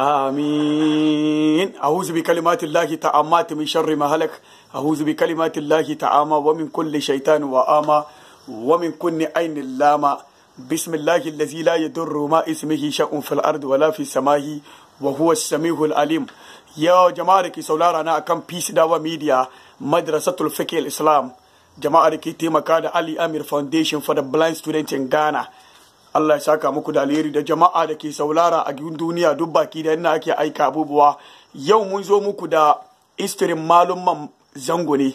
آمين أعوذ بكلمات الله تعامات من شر ما هلك أعوذ بكلمات الله تعامى ومن كل شيطان وآمى ومن كل عين لامى بسم الله الذي لا يضر ما اسمه شيء في الأرض ولا في السماء وهو السميع العليم يا جماعة كي سولارا نا كم بيس داوا ميديا مدرسة الفقه الإسلام جماعة كي تيما كاد علي أمير فاونديشن for the blind students in Ghana Allah ya saka muku da alheri da jama'a da ke saulara a duniya duk baki da ina ake aika abubuwa yau mun zo muku da istirin malumman zango ne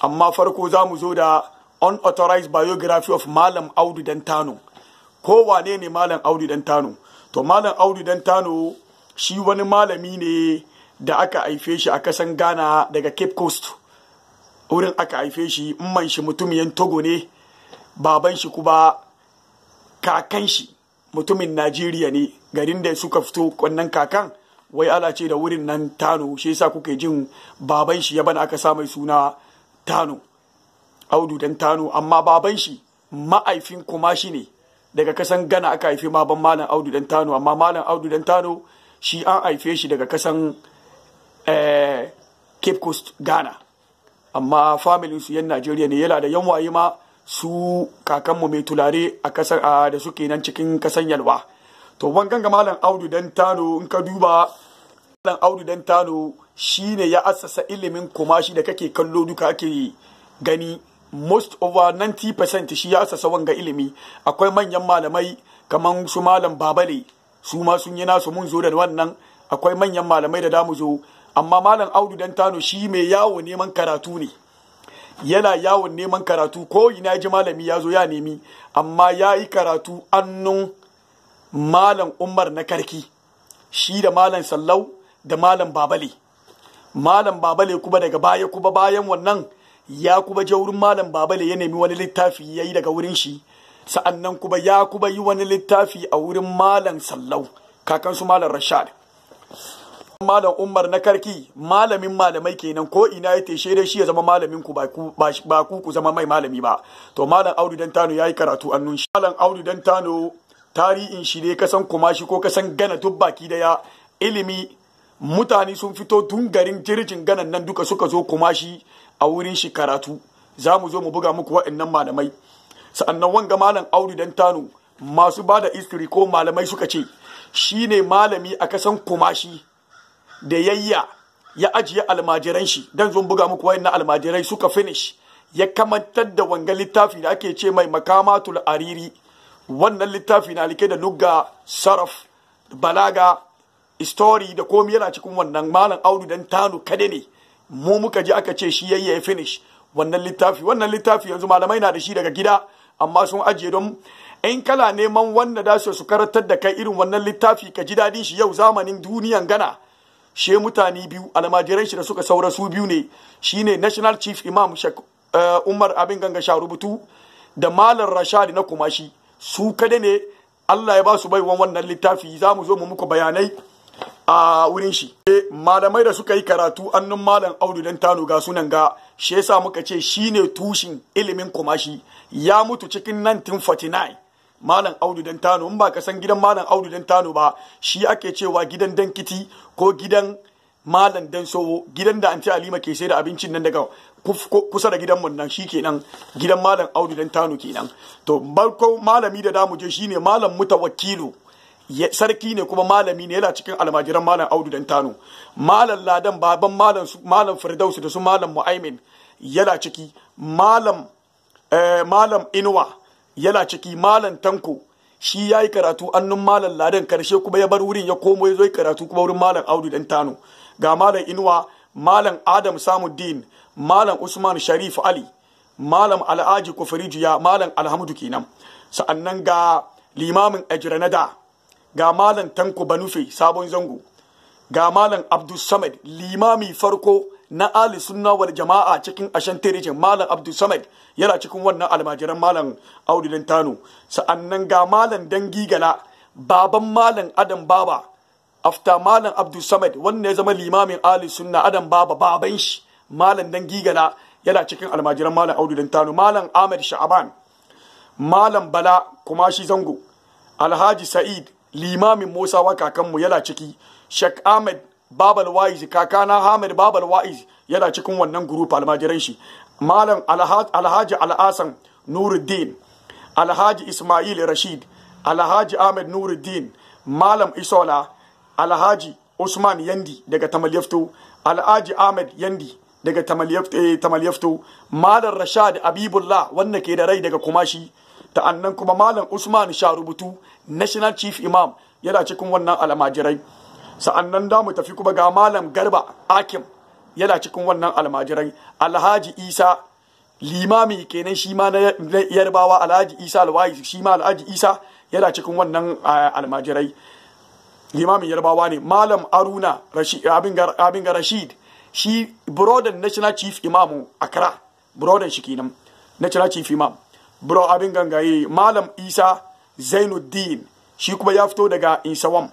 amma farko za mu zo da unauthorized biography of malam audu dantano ko wane ne malam audu dantano to malam audu dantano shi wani malami ne da aka haife shi a kasan ghana daga cape coast wurin aka haife shi man shi mutumiyan togo ne baban shi kuma kakan shi mutumin najeriya ne garin da suka fito wannan kakan wai ala ce da wurin nan tano shi yasa kuke jin baban shi ya bana aka sa mai suna tano audu dan tano amma baban shi ma'aifin kuma shi ne daga kasan gana aka haife baban malam audu dan tano amma malam audu dan tano shi an haife shi daga kasan eh, cape coast ghana amma familin su yan najeriya ne yana da yan waye ma su kakanmu mai tulare a kasar a da suke nan cikin kasan yalwa to wangan ga malam audu dan tano in ka duba malam audu dan tano shine ya assasa ilimin kumashi da kake kallo duka ake gani most over 90% shi ya assasa wanga ilimi akwai manyan malamai kaman su malam babale su ma sun yi nasu mun zo da wannan akwai manyan malamai da damu zo amma malam audu dan tano shi mai yawo neman karatu ne yana yawon neman karatu ko ina ji malami ya zo ya nemi amma ya yi karatu annun malam umar na karki shi da malam sallau da malam babale malam babale kuma daga baya kuma bayan wannan ya kuma je wurin malam babale ya nemi wani littafi ya yi daga wurin shi sa'annan kuma ya kuma yi wani littafi a wurin malam sallau kakansu malam rashad malam umar na karki malamin malamai kenan ko ina ya teshe dai shi ya zama malamin ku ba ku ku zama mai malami ba to malam audu dan tano yi karatu annun shi malam audu dan tano tarihin shi ne kasan kumashi ko kasan gana duk baki daya ilimi mutane sun fito tun garin jirgin ganan nan duka suka zo kumashi a wurin shi karatu za mu zo mu buga muku wa'annan malamai sa'annan wanga malam audu dan tano masu ba da istiri ko malamai suka ce shi ne malami a kasan kumashi da yayya ya ajiye almajiran shi dan zon buga muku wayan almajirai suka finish ya kamantar da wanga littafi da ake ce mai makamatul ariri wannan littafi na like da lugga saraf balaga story da komi yana cikin wannan malam audu dan tanu kade ne mu muka ji aka ce shi yayya ya finish wannan littafi wannan littafi yanzu malamai na da shi daga gida amma sun ajiye don in kana neman wanda da su karantar da kai irin wannan littafi ka ji dadin shi yau zamanin duniyan gana she mutane biyu almajiran shi da suka saura su biyu ne shine national chief imam eh, umar abin ganga sha rubutu da malam rashadi na kumashi su kada ne allah ya ba su baiwan wannan littafi za mu zo mu muku bayanai a wurin shi eh, malamai da suka yi karatu annun malam audu dan tano ga sunan ga shi yasa muka ce shine tushin ilimin kumashi ya mutu cikin 1949 malam audu dan tano in ba ka san gidan malam audu dan tano ba shi ake cewa gidan dankiti ko gidan malam dan sowo gidan da anti alima ke sai da abincin nan daga kusa da gidan mun nan shi kenan gidan malam audu dan tano kenan to barko malami da damu je shine malam mutawakkilu sarki ne kuma malami ne yana cikin almajiran malam audu dan tano malam ladan baban malam malam firdausu da su malam mu'aimin yana ciki malam eh, malam inuwa yana ciki malam tanko shi ya yi karatu annun malam ladan karshe kuma ya bar wurin ya komo ya zo karatu kuma wurin malam audu dan tano ga malam inuwa malam adam samuddin malam usman sharif ali malam al'aji Kofirijiya malam alhamdu kenan sa'annan ga limamin da ga malam tanko banufe sabon zango ga malam abdulsamad limami farko na ali sunna wal jama'a cikin ashantirejin malam abdul samad yana cikin wannan almajiran malam audilin tano sa'annan ga malam dangi gala baban malam adam baba after malam abdul samad wannan ya zama limamin ali sunna adam baba baban shi malam dangi gala yana cikin almajiran malam audilin tano malam ahmed sha'aban malam bala kuma shi zango alhaji sa'id limamin wa kakanmu yana ciki shek ahmed babal waiz kakana hamid babal waiz yana cikin wannan group almajiran shi malam alhaji al'asan nuruddin alhaji ismail rashid alhaji ahmed nuruddin malam isola alhaji usman yandi daga tamalyafto alhaji ahmed yandi daga tamalyafto eh, malam rashad abibullah wanda ke da rai daga kumashi annan kuma malam usman sharubutu national chief imam yana cikin wannan almajirai sa'annan da mu tafi kuma ga malam garba akim yana cikin wannan almajirai alhaji isa limami kenan shi ma na yarbawa alhaji isa alwayi shi ma alhaji isa yana cikin wannan almajirai limamin yarbawa ne malam aruna abin ga rashid shi brodan national chief imam akra brodan shi kenan national chief imam bro abin gangaye malam isa zainuddin shi kuma ya fito daga insawam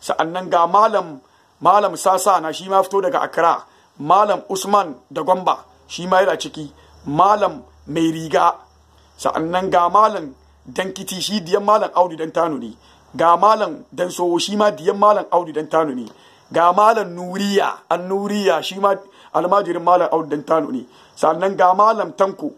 sa'annan ga malam malam sasa na shi ma fito daga accra malam usman da gwamba shi ma yana ciki malam mai riga sa'annan ga malam dankiti shi diyan malam audu dan tano ne ga malam dan sowo shi ma diyan malam audu dan tano ne ga malam nuriya an nuriya shi ma almajirin malam audu dan tano ne sa'annan ga malam tanko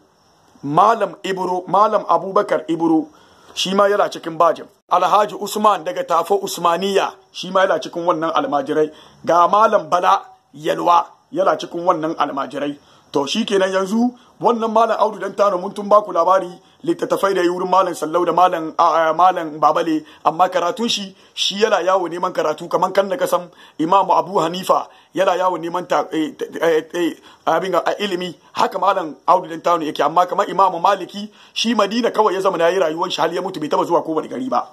malam ibro malam abubakar ibro shi ma yana cikin bajin alhaji usman daga tafa usmaniya shi ma yana cikin wannan almajirai ga malam bala yalwa yana cikin wannan almajirai to shi kenan yanzu wannan malam audu dan tano mun tun baku labari littattafai da yi wurin malam sallau da malam malam babale amma karatun shi shi yana yawo neman karatu Kamar kan da kasan imamu abu hanifa yana yawo neman ta eh, eh, eh, a ilimi haka malam audu dan yake amma kamar Imam maliki shi madina kawai ya zama na yi rayuwar shi hali ya mutu bai taba zuwa kowane gari ba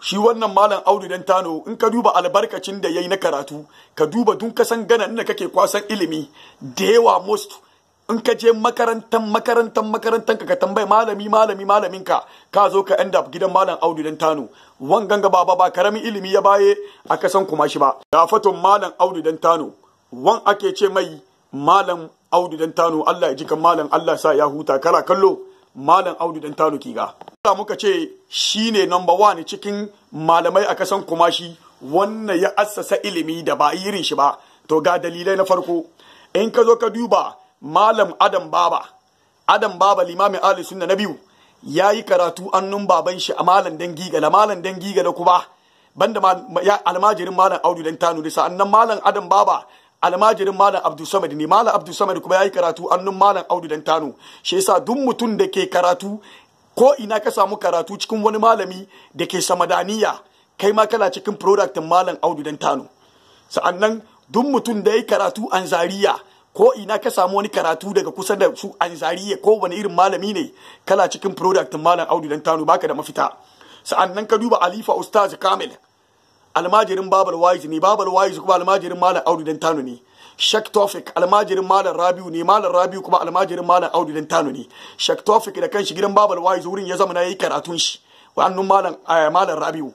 shi wannan malam audu dan tano in ka duba albarkacin da ya yi na karatu ka duba dun kasan gana da kake kwasan ilimi da yawa most in ka je makarantan makarantan makarantan ka tambayi malami malami malamin ka ka zo ka end up gidan malam Audu dan Tano wangan gaba ba ba karamin ilimi ya baye a kasan kuma shi ba gafatun malam Audu dan Tano wan ake ce mai malam Audu dan Tano Allah ya ji kan malam Allah sa ya huta kara kallo malam Audu dan Tano kiga da muka ce shine number one cikin malamai a kasan kuma shi wannan ya assasa ilimi da ba irin shi ba to ga dalilai na farko in ka zo ka duba malam adam baba adam baba limamin ali sunna na biyu ya yi karatu annun baban shi a malam dangi gala malam dangi gala kuma banda ya almajirin malam audu dan tanu da sa'annan malam adam baba almajirin malam abdu samad ne malam abdu samad kuma ya yi karatu annun malam audu dan tanu shi yasa duk mutum da ke karatu ko ina ka samu karatu cikin wani malami da ke samadaniya kai ma kana cikin product malam audu dan tanu sa'annan duk mutum da ya yi karatu an zariya ko ina ka samu wani karatu daga kusa da su anzariya ko wani irin malami ne kala cikin product malam audu dan tano baka da mafita sa'annan ka duba alifa ustaz kamil almajirin babal waiz ne babal waiz kuma almajirin malam audu dan tano ne sheikh Tofik almajirin Malam Rabiu ne Malam Rabiu kuma almajirin Malam Audu dan Tano ne sheikh Tofik da kanshi gidan Babal Wise wurin ya zama na yi karatun shi wannan Malam eh, Malam Rabiu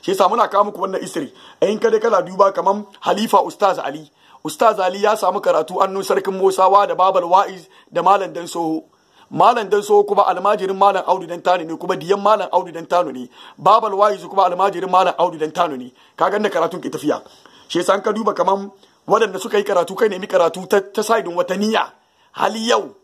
shi yasa muna kawo muku wannan isri in ka dai kana duba kaman Halifa Ustaz Ali ustaz ali ya samu karatu annu sarkin musawa da babal wa'iz da malam dan soho malam dan soho kuma almajirin malam audu dan tano ne kuma diyan malam audu dan tano ne babal wa'iz kuma almajirin malam audu dan tano ne Ka da karatun ke tafiya shi yasa ka duba kaman waɗanda suka yi karatu kai nemi karatu ta, ta saidin wata niyya hali yau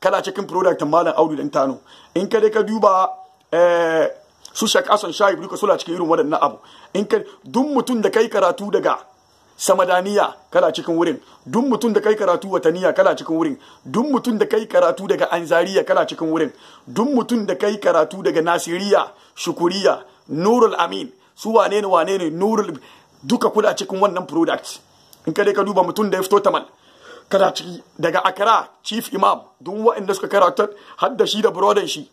kana cikin product malam audu dan tano in ka dai ka duba eh, su shakasan shayi duka sula cikin irin waɗannan abu in ka duk mutum da kai karatu daga samadaniya kana cikin wurin duk mutum da kai karatu wataniya kala cikin wurin duk mutum da kai karatu daga anzariya kana cikin wurin duk mutum da kai karatu daga nasiriya shukuriya nurul amin su wane ne wane ne nurul duka kula cikin wannan product in ka ka duba mutum da ya fito tamal kana ciki daga akara chief imam duk waɗanda suka karatu har da shi da brodan shi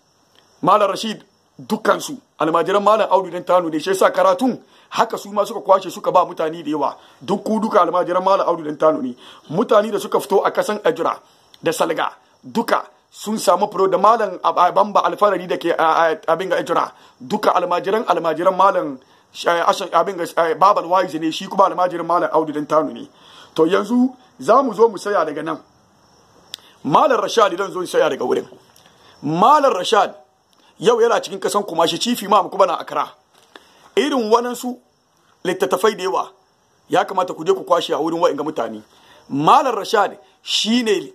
malam rashid dukkansu almajiran malam audu dan tanu ne shi yasa karatun haka su ma suka kwashe suka ba mutane da yawa duk ku duka almajiran malam audu dan tano ne mutane da suka fito a kasan ajira da salga duka sun samu furo da malam bamba alfarari da ke abin ga ajira duka almajiran almajiran malam abin ga babal waize ne shi kuma almajiran malam audu dan tano ne to yanzu za mu zo mu saya daga nan malam rashad dan zo saya daga wurin malam rashad yau yana cikin kasan kuma shi chief imam kuma na akra irin waɗansu littattafai da yawa ya kamata ku je ku kwashe a wurin wa'in ga mutane malam rashad ne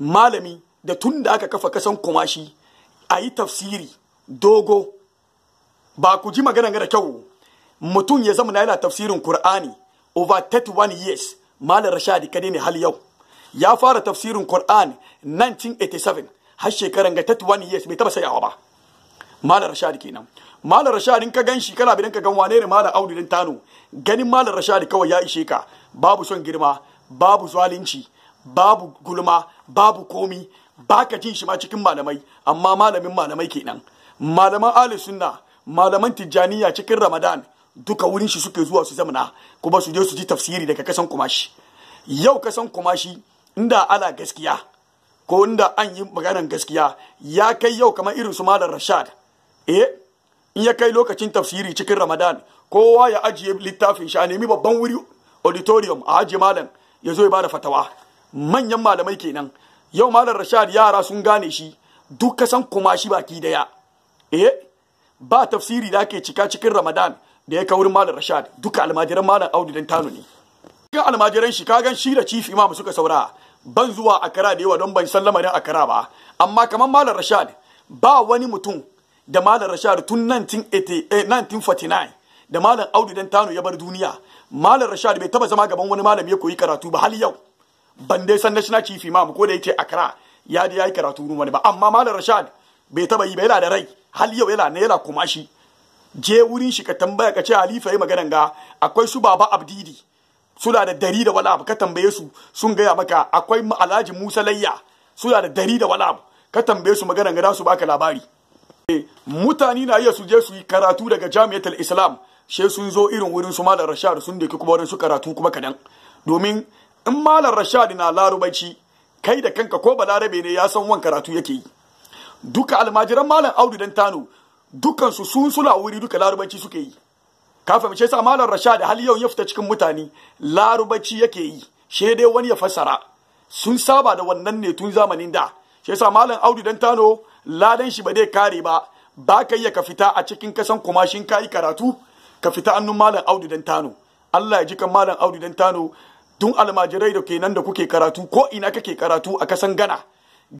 malami da tun da aka kafa kasan kumashi a yi tafsiri dogo ba ku ji magana da kyau mutum ya zama na yana tafsirin kur'ani over 31 years malam rashad ka ne hal yau ya fara tafsirin Qur'an 1987 har shekaran ga 31 years bai taba sayawa ba malar rashad kenan malam rashad in ka gan shi kana bidan ka gan wane ne malam audu din tano ganin malam rashad kawai ya ishe ka babu son girma babu zalunci babu gulma babu komi baka jin shi ma cikin malamai amma malamin malamai nan malaman ahli sunna malaman tijjaniya cikin ramadan duka wurin shi suke zuwa su zamana kuma su je su ji tafsiri daga kasan kumashi yau kasan kumashi inda ala gaskiya ko inda an yi maganar gaskiya ya kai yau kamar irin su malam rashad eh in ya kai lokacin tafsiri cikin ramadan kowa ya ajiye littafin shi nemi babban wuri auditorium a ajiye malam ya zo ya bada fatawa manyan malamai kenan yau malam rashad yara sun gane shi duk kasan kuma shi baki daya eh ba tafsiri da ake cika cikin ramadan da ya wurin malam rashad duka almajiran malam audu dan tano ne ga almajiran shi kagan shi da chief imam suka saura ban zuwa akara da yawa don ban san lamarin akara ba amma kamar malam rashad ba wani mutum da malam rashad tun 1949 eh, da malam audu dan tano ya bar duniya malam rashad bai taba zama gaban wani malam ya koyi karatu ba har yau ban dai san national chief imam ko da yake akra ya da yayi karatu wani ba amma malam rashad bai taba yi ba yana da rai har yau yana ne yana kuma shi je wurin shi ka tambaya ka ce halifa yi maganan ga akwai su baba abdidi suna da dari da wala abu ka tambaye su sun gaya maka akwai alhaji musa layya suna da dari da wala abu ka tambaye su maganan ga su baka labari mutane na iya suje suyi su yi karatu daga jami'atul islam she sun zo irin wurin su malar rashad sun da kuma wurin su karatu kuma kadan domin in malar rashad na Larubaci, kai da kanka ko balarabe ne ya san wan karatu yake yi duka almajiran malam audu dan tano dukansu sun sula wuri duka Larubaci suke yi ka fahimce sa malar rashad hal yau ya fita cikin mutane Larubaci yake yi she dai wani ya fassara sun saba da wannan ne tun zamanin da shi yasa malam audu dan tano ladan shi ba zai kare ba ba ka iya ka fita a cikin kasan kumashin ka yi karatu ka fita annun malam audu dan tano Allah ya ji kan malam audu dan tano tun almajirai da kenan da kuke karatu ko ina kake karatu a kasan gana